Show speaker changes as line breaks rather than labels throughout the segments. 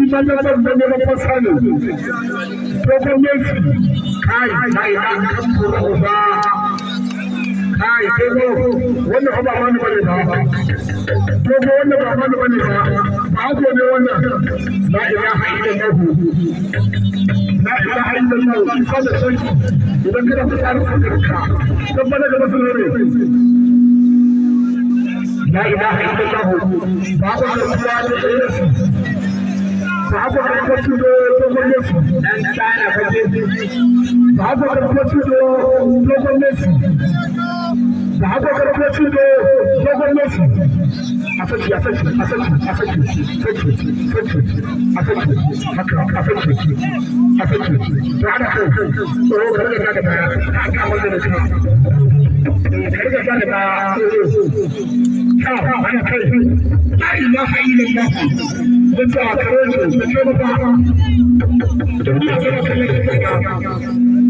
iman na babban ne babban sani dogon ba ba ba ba kada ga لا إله إلا الله
haka ka a ana kai
tsoro ka rage ka ka kai Just encourage us. Just try to back up. Don't just try to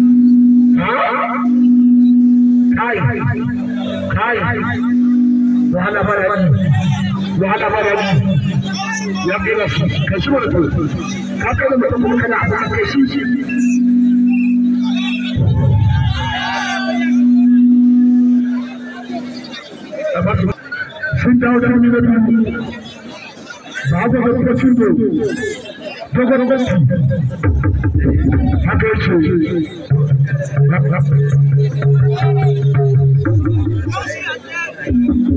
وعلى بركة وعلى بركة يقين كشوف ولا تقول هكذا ما تقول كان أحد كشوف চিন্তা Thank you.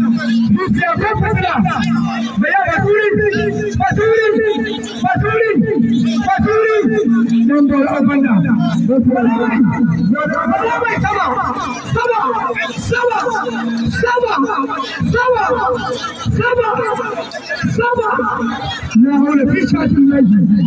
Lucia Professora, Baya Baturi, Baturi, Baturi, Baturi, Nambol Abanda, Yotamai Sama, Sama, Sama, Sama, Sama, Sama, Sama, Now the picture to legend.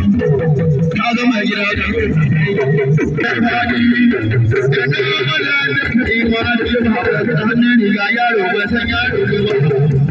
ta zama gida da ta zama da ta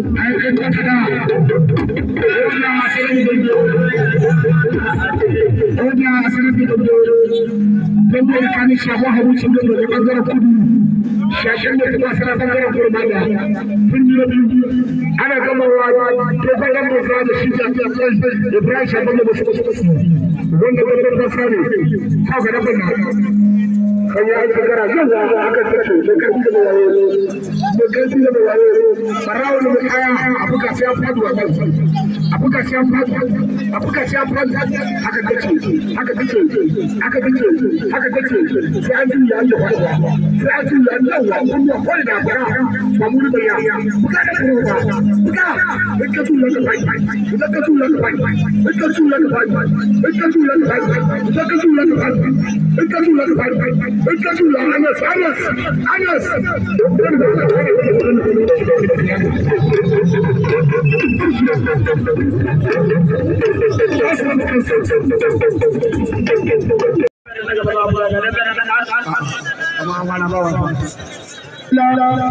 Bambai tsakanin shafa harucin da daga ɓangaren kudu, shashen da kuma sana ɓangaren kurmada, sun yi biyu ana gamawa ta ɓangaren da sa da shi da Ibrahim shafa da wasu wasu wasu, wanda wani ɗan sa ne, haka na bana. an ya yi shekara yawa aka tafi da karfi da wayo ne da karfi da wayo ne barawo ne kaya a fuka sai an fadi wa a fuka sai an fadi a fuka sai an fadi aka tace aka tace aka tace aka tace sai an juya an yawa sai an juya an yawa kun ya koyi da bara ba mu da ya fuka da kuma ba fuka ka tula ka bai ka tula ka bai ka tula ka bai ka tula ka bai ka tula ka bai ka tula ka bai انت تقول انس انس انس لا لا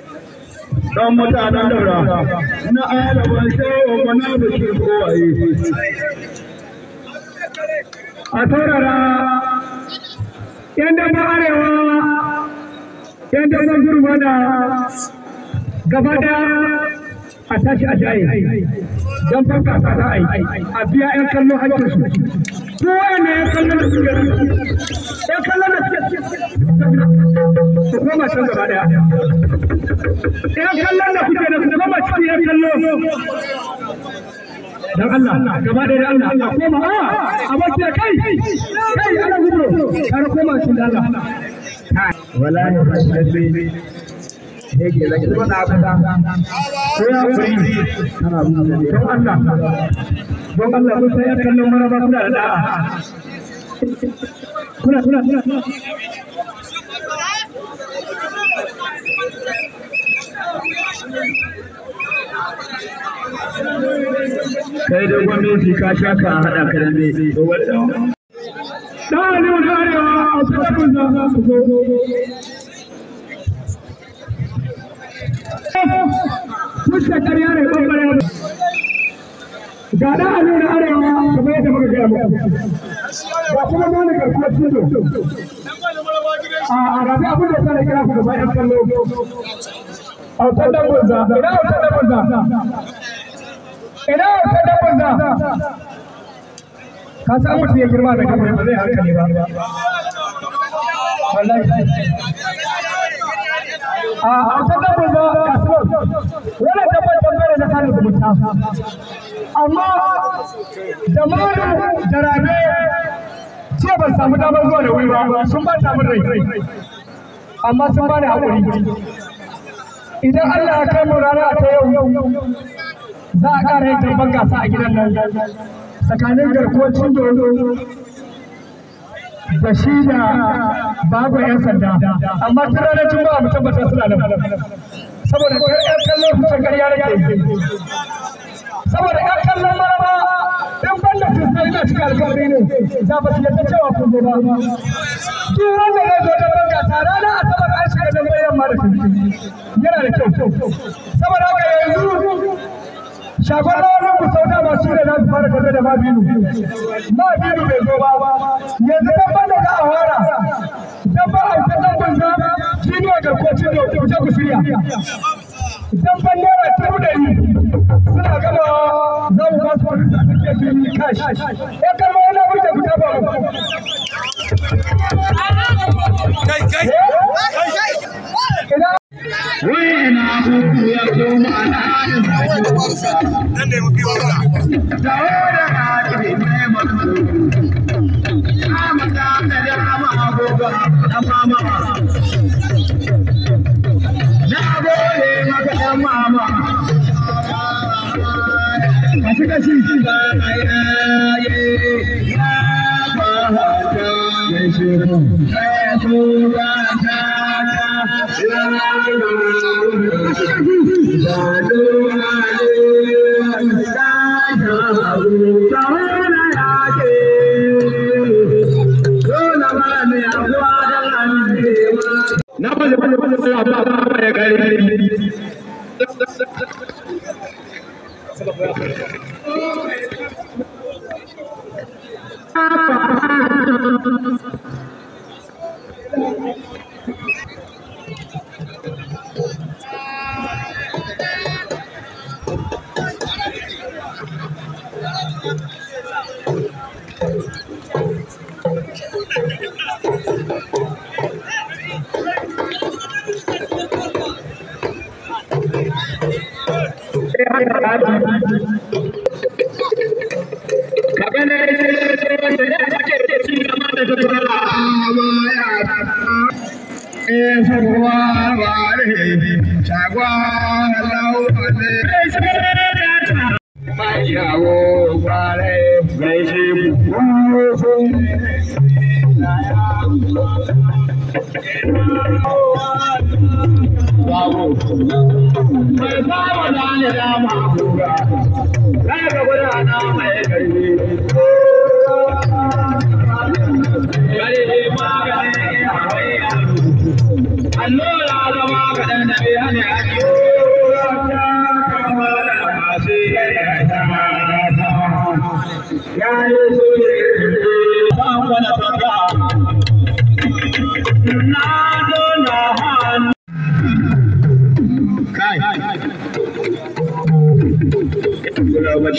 dan mutanen daura na alaban shawo mana da shi kowaye a saurara yan dama arewa yan dama gurmana gaba gabata, a tashi a jaye don farka a biya 'yan kallon hakkinsu kowane ya ya kallon da suke ya dan Allah gaba Allah Allah koma a ah, abokiya kai kai ana gudu kar koma shi da Allah wallahi rashin yake zaki kai da gwamnati ka sha ka haɗa ka da me wani da ne wani arewa a kusa kusa fuska ƙarya ne ɓangaren ga a a rafi a yana daban bangare na sada zumunta amma da mara da rabe ce ban samu damar zuwa da wuri ba sun ba samun rai amma sun ba da haƙuri idan Allah ya kai mu rana ta yau za a ƙara yin tarban gasa a gidan nan tsakanin garkuwacin dodo da shi da babu 'yan sanda amma tun ranar juma'a mu tabbatar suna nan saboda yan kallon su can ƙarya nake saboda yan kallon maraba in banda su sai ina cikin alƙawari ne za ba su yadda cewa ba duk wanda ya zo da banga tsara na asabar an shiga da bayan mara yana da kyau saboda haka yanzu shafar wani ku sau masu ne za su fara tafe da ma Ma mabinu bai zo ba yanzu dabban da za a fara dabban a ta dabban sa shi ne garkwacin da kuce ku shirya dabban naira dubu ɗari suna gama za mu ba su wani sassaƙe fili kashi ya kalma yana bude ku dafa mu kai kai eh? kai ina uku ya koma ana Thank you.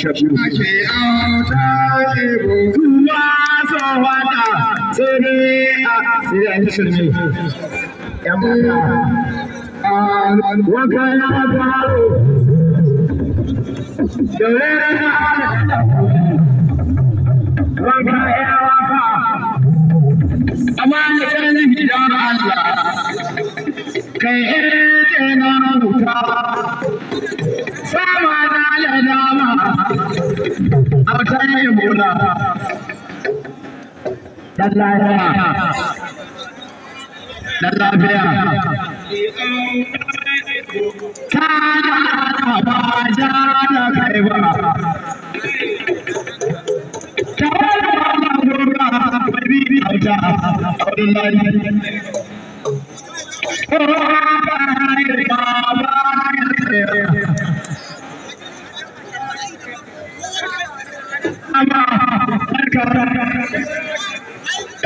sha biyu Amma da tsarin gidan Allah, kai डल्ला डल्ला गया Thank you.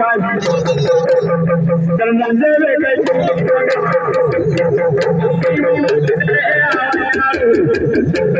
Thank you.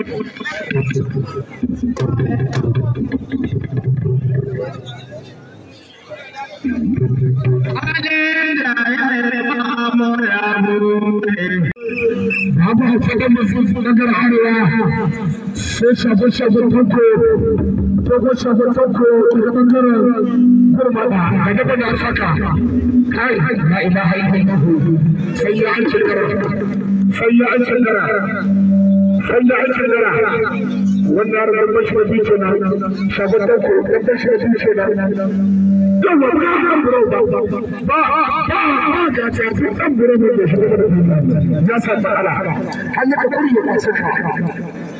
sai ya an shekara wanda ake zara wannan rubar ce na shagon ɗauko ɗan mashwabi ce na yawa ba ga buro ba ba ba ga ta ta ɗan buro ne da shi ya sa ta ala hannu ka kurje ka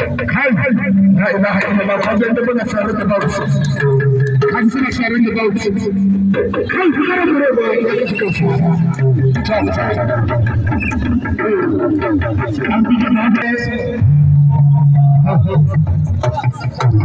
kai la ilaha illallah ka ga da bana sharar da babu su ka ji da babu su kai ku gara mure ba ka kashi da na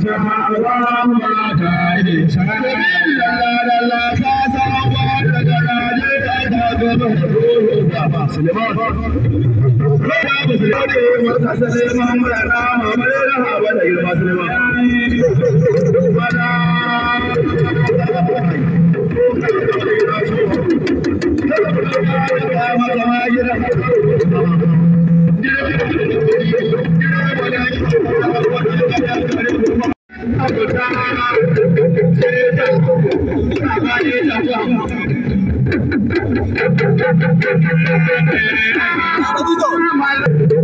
sama alwaran ba ba na da girma suleiman bada Thank you. Let's go.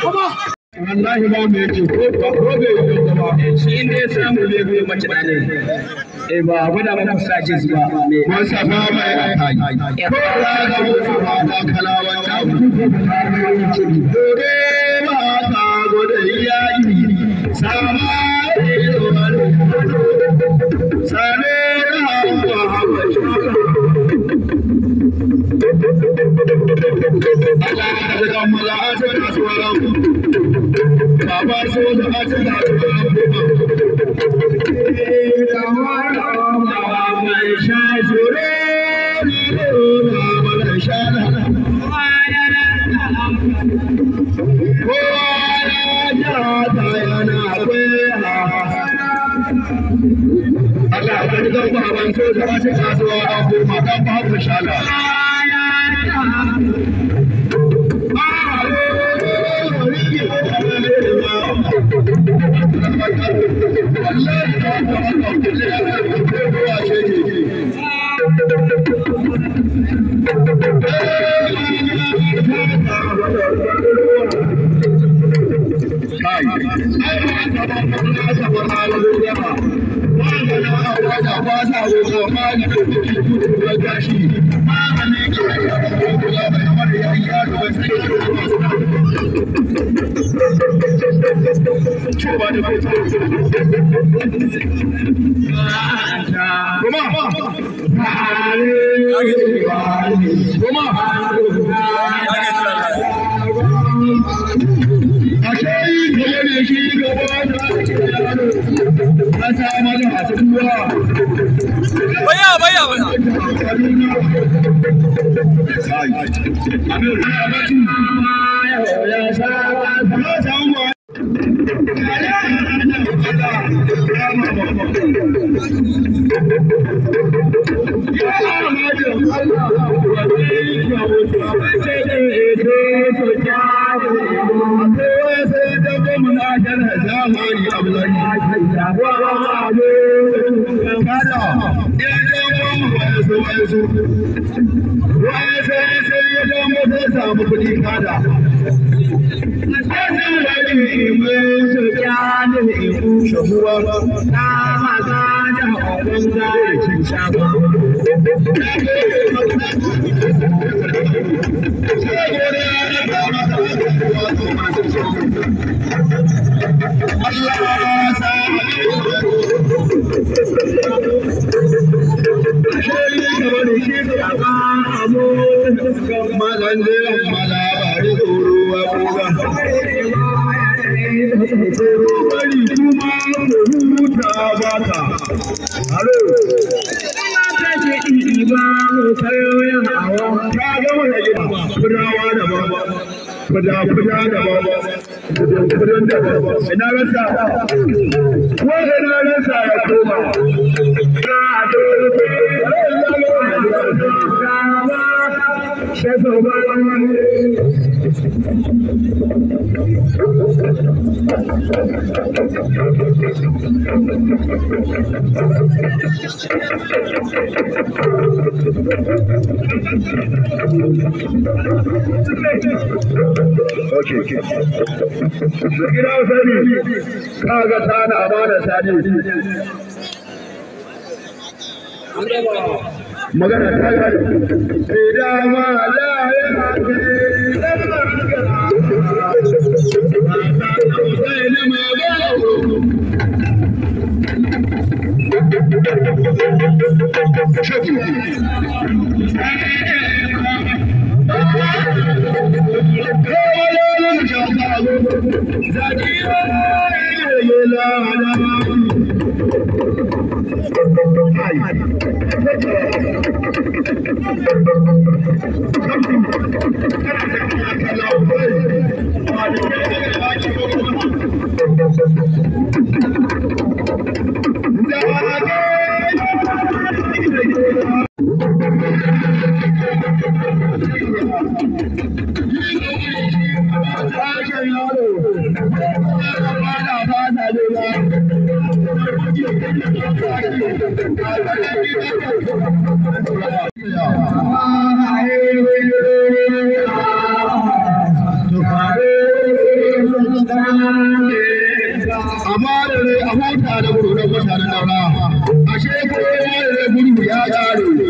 wallahi ba mu yake ko ba ko bai yi ba shi inda ya samu bai bai mace eh, da ne ba gwada sace zuwa ko sa ba ba kai ko la ga mu ba ba kala wata ku ku ta mai ci dore ma ta gode sama sare da Allah, I said that's what I'm doing. Baba sold, I said that's what I'm doing. The one of my shine, Allah ya ga ba ban so da wasu kasuwa ko mata ba ku команды. Halo. Ta ce ɗiɗi ba gama da ko ina ya koma ta dole Okay, okay. sani, kaga sani amana Magana ta gari. Idan ma la ya amma da rai a mota da gudu don na daura ashe kowa da rai gudu ya ƙare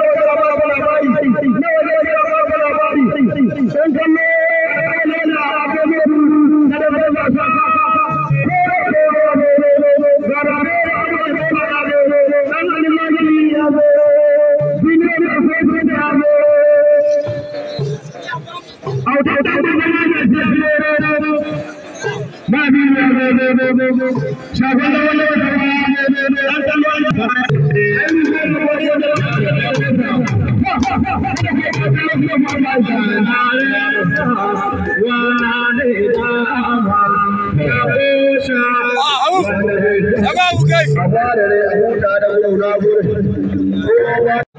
पेषाउ ah, ah, ah.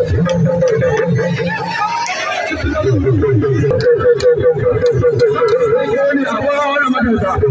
Thank you.